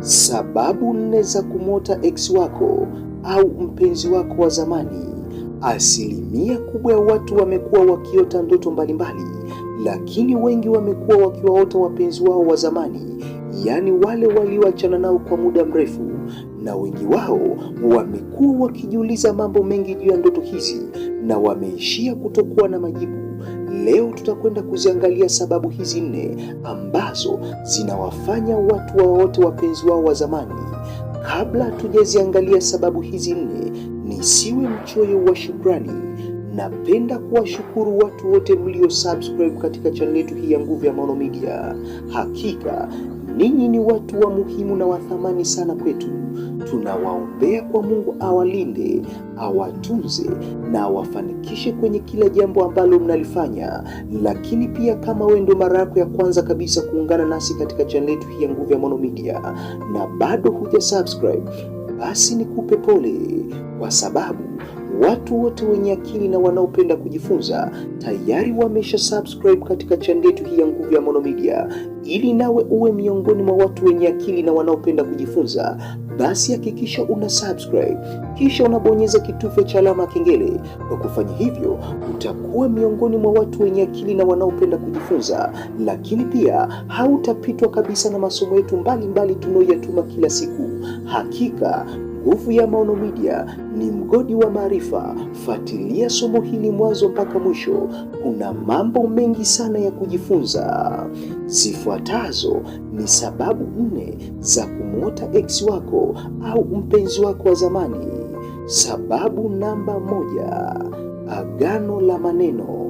Sababu nne za kumwota ex wako au mpenzi wako wa zamani. Asilimia kubwa ya watu wamekuwa wakiota ndoto mbalimbali, lakini wengi wamekuwa wakiwaota wapenzi wao wa zamani, yaani wale walioachana nao kwa muda mrefu, na wengi wao wamekuwa wakijiuliza mambo mengi juu ya ndoto hizi na wameishia kutokuwa na majibu. Leo tutakwenda kuziangalia sababu hizi nne ambazo zinawafanya watu waote wapenzi wao wa zamani. Kabla tujaziangalia sababu hizi nne, nisiwe mchoyo wa shukrani. Napenda kuwashukuru watu wote mlio subscribe katika chaneli yetu hii ya Nguvu ya Maono Media. Hakika ninyi ni watu wa muhimu na wa thamani sana kwetu. Tunawaombea kwa Mungu awalinde, awatunze na awafanikishe kwenye kila jambo ambalo mnalifanya. Lakini pia kama wewe ndio mara yako ya kwanza kabisa kuungana nasi katika chaneli yetu hii ya Nguvu ya Maono Media na bado huja subscribe, basi nikupe pole kwa sababu Watu wote wenye akili na wanaopenda kujifunza tayari wamesha subscribe katika channel yetu hii ya Nguvu ya Maono Media. Ili nawe uwe miongoni mwa watu wenye akili na wanaopenda kujifunza, basi hakikisha una subscribe kisha unabonyeza kitufe cha alama kengele. Kwa kufanya hivyo, utakuwa miongoni mwa watu wenye akili na wanaopenda kujifunza, lakini pia hautapitwa kabisa na masomo yetu mbalimbali tunayoyatuma kila siku. Hakika Nguvu ya Maono Media ni mgodi wa maarifa. Fuatilia somo hili mwanzo mpaka mwisho, kuna mambo mengi sana ya kujifunza. Zifuatazo ni sababu nne za kumwota ex wako au mpenzi wako wa zamani. Sababu namba moja, agano la maneno.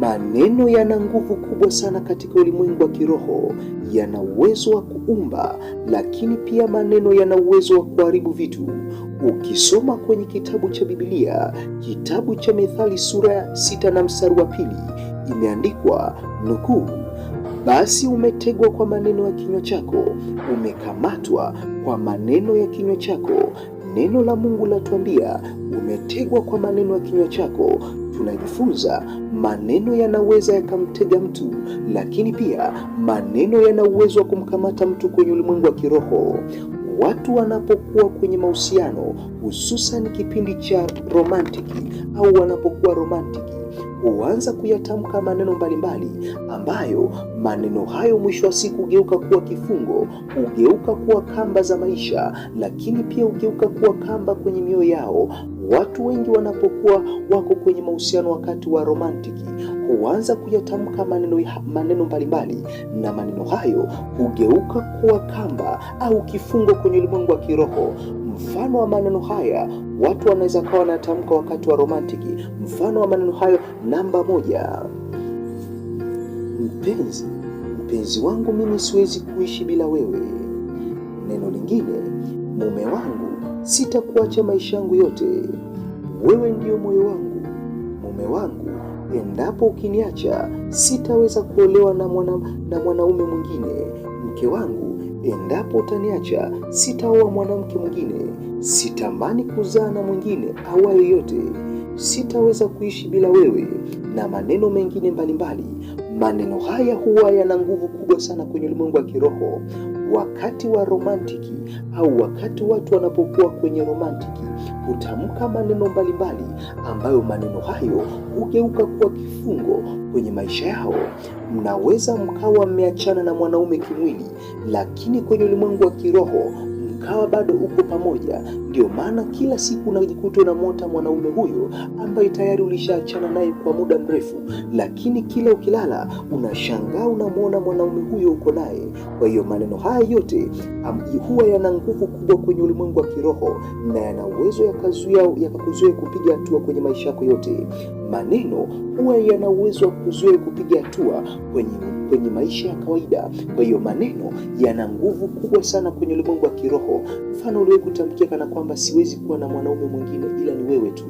Maneno yana nguvu kubwa sana katika ulimwengu wa kiroho, yana uwezo wa kuumba, lakini pia maneno yana uwezo wa kuharibu vitu. Ukisoma kwenye kitabu cha Biblia, kitabu cha Methali sura ya sita na mstari wa pili, imeandikwa nukuu, basi umetegwa kwa maneno ya kinywa chako, umekamatwa kwa maneno ya kinywa chako. Neno la Mungu latuambia umetegwa kwa maneno ya kinywa chako. Tunajifunza Maneno yanaweza yakamtega mtu, lakini pia maneno yana uwezo wa kumkamata mtu kwenye ulimwengu wa kiroho. Watu wanapokuwa kwenye mahusiano, hususan kipindi cha romantiki au wanapokuwa romantiki huanza kuyatamka maneno mbalimbali ambayo maneno hayo mwisho wa siku hugeuka kuwa kifungo, hugeuka kuwa kamba za maisha, lakini pia hugeuka kuwa kamba kwenye mioyo yao, Watu wengi wanapokuwa wako kwenye mahusiano wakati wa romantiki huanza kuyatamka maneno, maneno mbalimbali na maneno hayo hugeuka kuwa kamba au kifungo kwenye ulimwengu wa kiroho. Mfano wa maneno haya watu wanaweza kawa wanatamka wakati wa romantiki. Mfano wa maneno hayo, namba moja, mpenzi, mpenzi wangu, mimi siwezi kuishi bila wewe. Neno lingine, mume wangu sitakuacha maisha yangu yote. Wewe ndiyo moyo wangu, mume wangu. Endapo ukiniacha, sitaweza kuolewa na mwanaume na mwanaume mwingine. Mke wangu, endapo utaniacha, sitaoa mwanamke mwingine. Sitamani kuzaa na mwingine awaye yote. Sitaweza kuishi bila wewe, na maneno mengine mbalimbali Maneno haya huwa yana nguvu kubwa sana kwenye ulimwengu wa kiroho. Wakati wa romantiki au wakati watu wanapokuwa kwenye romantiki, hutamka maneno mbalimbali ambayo maneno hayo hugeuka kuwa kifungo kwenye maisha yao. Mnaweza mkawa mmeachana na mwanaume kimwili, lakini kwenye ulimwengu wa kiroho ukawa bado uko pamoja. Ndio maana kila siku unajikuta unamwota mwanaume huyo ambaye tayari ulishaachana naye kwa muda mrefu, lakini kila ukilala unashangaa unamwona mwanaume huyo uko naye. Kwa hiyo maneno haya yote huwa yana nguvu kubwa kwenye ulimwengu wa kiroho na yana uwezo yakazuia yakakuzuia kupiga hatua kwenye maisha yako yote maneno huwa yana uwezo wa kuzuia kupiga hatua kwenye, kwenye maisha ya kawaida. Kwa hiyo maneno yana nguvu kubwa sana kwenye ulimwengu wa kiroho. Mfano, uliwe kutamkia kana kwamba siwezi kuwa na mwanaume mwingine ila ni wewe tu,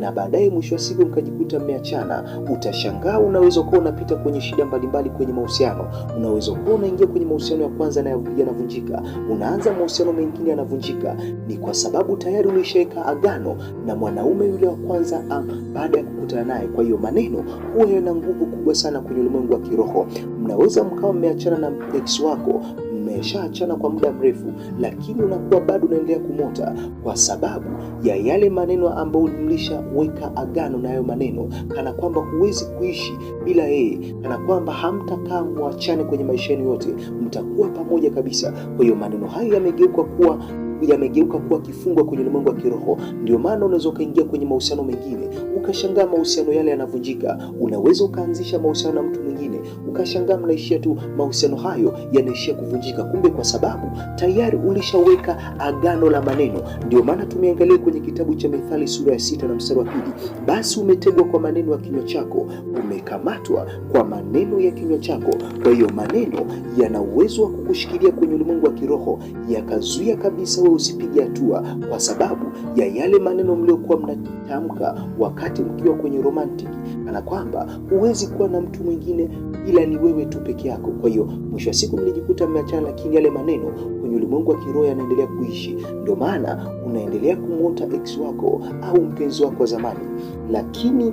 na baadaye mwisho wa siku mkajikuta mmeachana. Utashangaa, unaweza kuwa unapita kwenye shida mbalimbali kwenye mahusiano. Unaweza kuwa unaingia kwenye mahusiano ya kwanza na yanavunjika, unaanza mahusiano mengine yanavunjika. Ni kwa sababu tayari ulishaweka agano na mwanaume yule wa kwanza ah, baada ya kukuta kukutana naye. Kwa hiyo maneno huwa yana nguvu kubwa sana kwenye ulimwengu wa kiroho. Mnaweza mkawa mmeachana na ex wako, mmeshaachana kwa muda mrefu, lakini unakuwa bado unaendelea kumota kwa sababu ya yale maneno ambayo mlishaweka agano na hayo maneno, kana kwamba huwezi kuishi bila yeye, kana kwamba hamtakaa mwachane kwenye maisha yenu yote, mtakuwa pamoja kabisa. Kwa hiyo maneno hayo yamegeuka kuwa yamegeuka kuwa kifungwa kwenye ulimwengu wa kiroho. Ndio maana unaweza ukaingia kwenye mahusiano mengine ukashangaa mahusiano yale yanavunjika. Unaweza ukaanzisha mahusiano na mtu mwingine ukashangaa mnaishia tu, mahusiano hayo yanaishia kuvunjika, kumbe kwa sababu tayari ulishaweka agano la maneno. Ndio maana tumeangalia kwenye kitabu cha Methali sura ya sita na mstari wa pili, basi umetegwa kwa maneno ya kinywa chako, umekamatwa kwa maneno ya kinywa chako. Kwa hiyo maneno yana uwezo wa kukushikilia kwenye ulimwengu wa kiroho yakazuia kabisa wewe usipige hatua kwa sababu ya yale maneno mliokuwa mnatamka wakati mkiwa kwenye romantic, kana kwamba huwezi kuwa na mtu mwingine ila ni wewe tu peke yako. Kwa hiyo mwisho wa siku mlijikuta mmeachana, lakini yale maneno kwenye ulimwengu wa kiroho yanaendelea kuishi. Ndio maana unaendelea kumwota ex wako au mpenzi wako wa zamani, lakini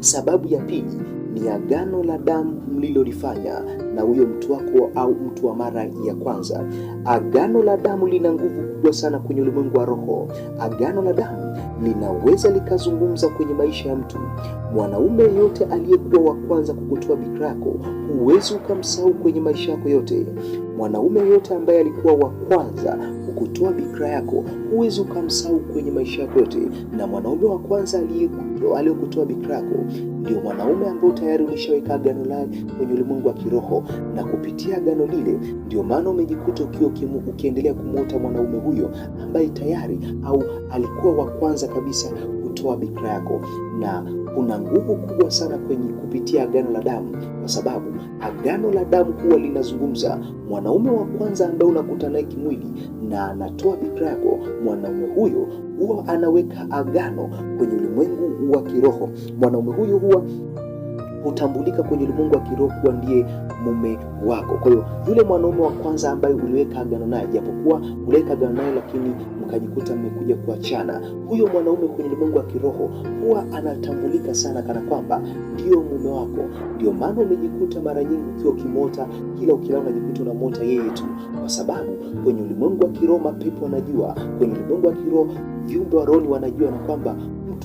sababu ya pili ni agano la damu mlilolifanya na huyo mtu wako au mtu wa mara ya kwanza. Agano la damu lina nguvu kubwa sana kwenye ulimwengu wa roho. Agano la damu linaweza likazungumza kwenye maisha ya mtu. Mwanaume yeyote aliyekuwa wa kwanza kukutoa bikira yako, huwezi ukamsahau kwenye maisha yako yote. Mwanaume yeyote ambaye alikuwa wa kwanza kukutoa bikira yako huwezi ukamsahau kwenye maisha yako yote, na mwanaume wa kwanza aliyokutoa bikira yako ndio mwanaume ambaye tayari ulishaweka agano naye kwenye ulimwengu wa kiroho, na kupitia agano lile ndio maana umejikuta ukiwa ukiendelea kumwota mwanaume huyo ambaye tayari au alikuwa wa kwanza kabisa kutoa bikira yako, na kuna nguvu kubwa sana kwenye kupitia agano la damu, kwa sababu agano la damu huwa linazungumza mwanaume wa kwanza ambaye unakutana naye kimwili na anatoa bikira yako, mwanaume huyo huwa anaweka agano kwenye ulimwengu wa kiroho. Mwanaume huyo huwa hutambulika kwenye ulimwengu wa kiroho kuwa ndiye mume wako. Kwa hiyo yule mwanaume wa kwanza ambaye uliweka agano naye, japokuwa uliweka agano naye, lakini mkajikuta mmekuja kuachana, huyo mwanaume kwenye ulimwengu wa kiroho huwa anatambulika sana kana kwamba ndio mume wako. Ndio maana umejikuta mara nyingi ukiwa ukimota, kila ukilala unajikuta unamota yeye tu, kwa sababu kwenye ulimwengu wa kiroho mapepo wanajua, kwenye ulimwengu wa kiroho viumbe wa roho wanajua na kwamba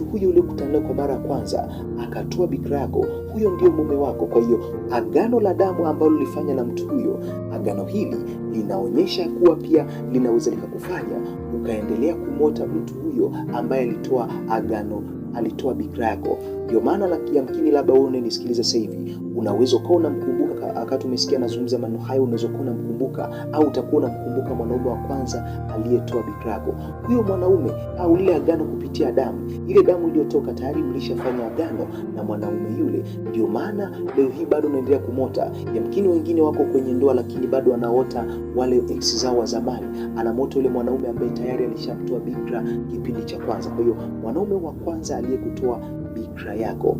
mtu huyo uliokutana kwa mara ya kwanza akatoa bikira yako, huyo ndio mume wako. Kwa hiyo agano la damu ambalo lilifanya na mtu huyo, agano hili linaonyesha kuwa pia linaweza likakufanya ukaendelea kumwota mtu huyo ambaye alitoa agano, alitoa bikira yako ndio maana la yamkini, labda wewe unanisikiliza sasa hivi, unaweza ukawa unamkumbuka akati umesikia nazungumza maneno hayo, unaweza kuwa unamkumbuka au utakuwa unamkumbuka mwanaume wa kwanza aliyetoa bikira yako. Huyo mwanaume au lile agano kupitia damu, ile damu iliyotoka tayari mlishafanya agano na mwanaume yule. Ndio maana leo hii bado unaendelea kumota. Yamkini wengine wako kwenye ndoa, lakini bado wanaota wale ex zao wa zamani, anamota yule mwanaume ambaye tayari alishamtoa bikira kipindi cha kwanza. Kwa hiyo mwanaume wa kwanza aliyekutoa bikra yako.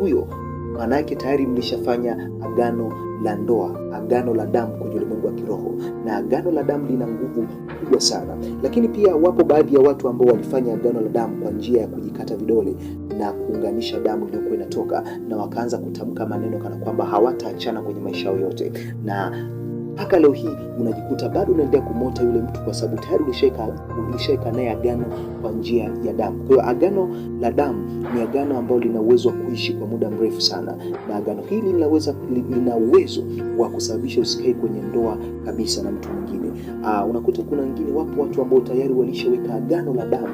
Huyo maana yake tayari mlishafanya agano la ndoa, agano la damu kwenye ulimwengu wa kiroho, na agano la damu lina nguvu kubwa sana. Lakini pia wapo baadhi ya watu ambao walifanya agano la damu kwa njia ya kujikata vidole na kuunganisha damu iliyokuwa inatoka, na wakaanza kutamka maneno kana kwamba hawataachana kwenye maisha yao yote na mpaka leo hii unajikuta bado unaendelea kumota yule mtu, kwa sababu tayari ulishaeka naye agano kwa njia ya damu. Kwa hiyo agano la damu ni agano ambalo lina uwezo wa kuishi kwa muda mrefu sana, na agano hili linaweza lina uwezo wa kusababisha usikae kwenye ndoa kabisa na mtu mwingine. Ah, unakuta kuna wengine, wapo watu ambao tayari walishaweka agano la damu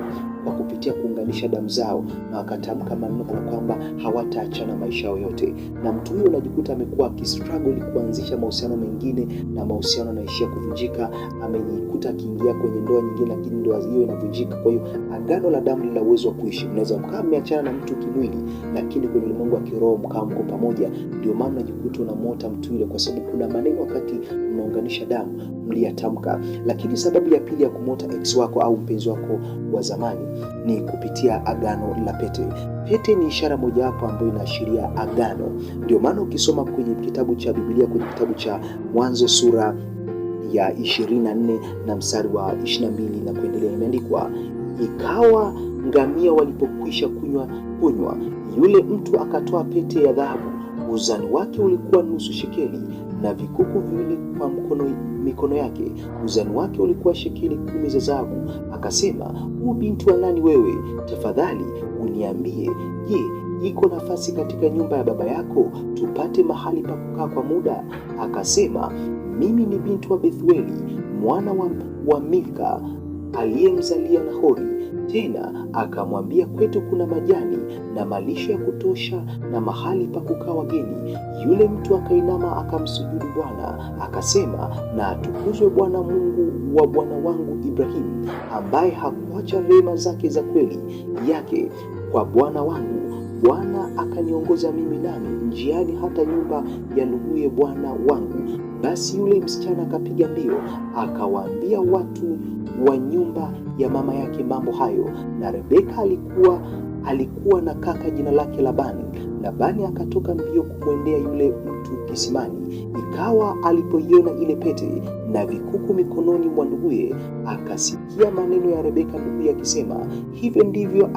kwa kupitia kuunganisha damu zao na wakatamka maneno kana kwamba hawataachana maisha yao yote, na mtu huyo unajikuta amekuwa akistruggle kuanzisha mahusiano mengine na mahusiano yanaishia kuvunjika, amejikuta akiingia kwenye ndoa nyingine, lakini ndoa hiyo inavunjika. Kwa hiyo agano la damu lina uwezo wa kuishi. Mnaweza mkaa mmeachana na mtu kimwili, lakini kwenye ulimwengu wa kiroho mkaa mko pamoja. Ndio maana unajikuta unamwota mtu yule, kwa sababu kuna maneno wakati mnaunganisha damu mliyatamka. Lakini sababu ya pili ya kumwota ex wako au mpenzi wako wa zamani ni kupitia agano la pete. Pete ni ishara mojawapo ambayo inaashiria agano. Ndio maana ukisoma kwenye kitabu cha Biblia, kwenye kitabu cha Mwanzo sura ya 24 na mstari wa 22 na kuendelea, imeandikwa ikawa ngamia walipokwisha kunywa kunywa, yule mtu akatoa pete ya dhahabu Uzani wake ulikuwa nusu shekeli na vikuku viwili kwa mkono, mikono yake. Uzani wake ulikuwa shekeli kumi za dhahabu. Akasema, huu binti wa nani wewe? Tafadhali uniambie, je, iko nafasi katika nyumba ya baba yako tupate mahali pa kukaa kwa muda? Akasema, mimi ni binti wa Bethueli mwana wa, wa Milka aliyemzalia Nahori tena akamwambia, kwetu kuna majani na malisho ya kutosha na mahali pa kukaa wageni. Yule mtu akainama akamsujudu Bwana, akasema, na atukuzwe Bwana Mungu wa bwana wangu Ibrahimu, ambaye hakuacha rehema zake za kweli yake kwa bwana wangu. Bwana akaniongoza mimi nami njiani hata nyumba ya nduguye bwana wangu. Basi yule msichana akapiga mbio akawaambia watu wa nyumba ya mama yake mambo hayo, na Rebeka alikuwa alikuwa na kaka jina lake Labani Labani akatoka mbio kumwendea yule mtu kisimani. Ikawa alipoiona ile pete na vikuku mikononi mwa nduguye, akasikia maneno ya Rebeka nduguye akisema, hivyo ndivyo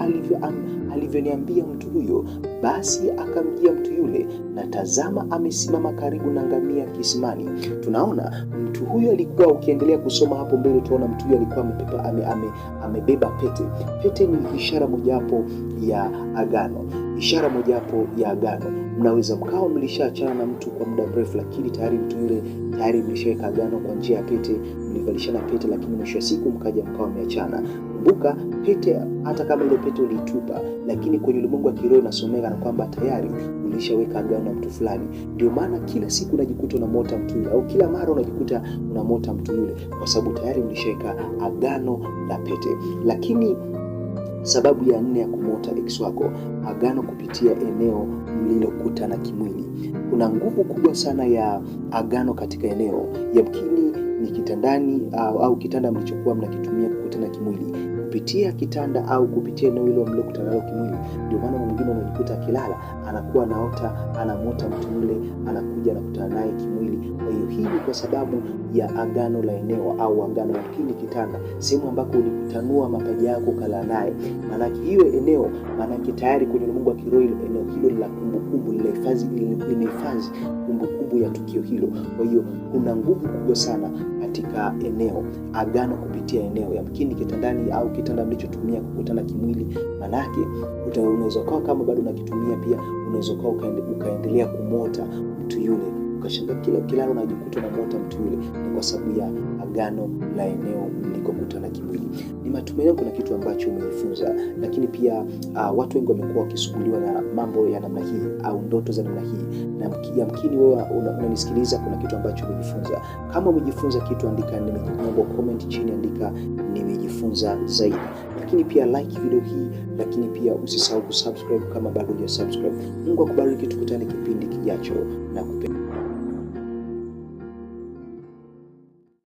alivyoniambia mtu huyo. Basi akamjia mtu yule, na tazama, amesimama karibu na ngamia kisimani. Tunaona mtu huyo alikuwa, ukiendelea kusoma hapo mbele, tunaona mtu huyo alikuwa amebeba ame, ame, ame pete. Pete ni ishara mojawapo ya agano ishara mojawapo ya agano. Mnaweza mkawa mlishaachana na mtu kwa muda mrefu, lakini tayari mtu yule tayari mlishaweka agano kwa njia ya pete, mlivalishana pete, lakini mwisho wa siku mkaja mkawa mmeachana. Kumbuka pete, hata kama ile pete uliitupa, lakini kwenye ulimwengu wa kiroho inasomeka na kwamba tayari ulishaweka agano na mtu fulani. Ndio maana kila siku unajikuta unamwota mtu yule, au kila mara unajikuta unamwota mtu yule, kwa sababu tayari mlishaweka agano la pete, lakini Sababu ya nne ya kumwota ex wako, agano kupitia eneo mlilokutana kimwili. Kuna nguvu kubwa sana ya agano katika eneo, yamkini ni kitandani au, au kitanda mlichokuwa mnakitumia kukutana kimwili kupitia kitanda au kupitia eneo hilo mliokutana nalo kimwili. Ndio maana mwingine unajikuta akilala anakuwa naota anamwota mtu mle, anakuja anakutana naye kimwili. Kwa hiyo hii ni kwa sababu ya agano la eneo au agano la kile kitanda, sehemu ambako ulikutanua mapaja yako ukalala naye. Maanake hiyo eneo, maanake tayari kwenye ulimwengu wa kiroho eneo hilo la kumbukumbu linahifadhi limehifadhi kumbukumbu ya tukio hilo. Kwa hiyo kuna nguvu kubwa sana katika eneo, agano kupitia eneo, yamkini kitandani au kitandani kitanda mlichotumia kukutana kimwili, manake unaweza ukawa kama bado unakitumia pia, unaweza ukawa ukaendelea kumota mtu yule, ukashanga kila kilalo unajikuta unamota mtu yule, ni kwa sababu ya agano la eneo mlikokutana kimwili. Ni matumaini kuna kitu ambacho umejifunza, lakini pia uh, watu wengi wamekuwa wakisuguliwa na mambo ya namna hii au ndoto za namna hii, na yamkini wewe unanisikiliza, kuna kitu ambacho umejifunza. Kama umejifunza kitu, andika nimejifunza, comment chini, andika nimejifunza zaidi lakini pia like video hii, lakini pia usisahau kusubscribe kama bado hujasubscribe. Mungu akubariki, tukutane kipindi kijacho na kupenda.